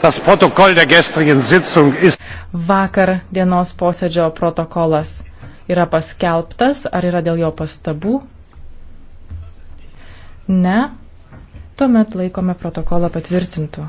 Vakar dienos posėdžio protokolas yra paskelbtas, ar yra dėl jo pastabų? Ne, tuomet laikome protokolą patvirtintų.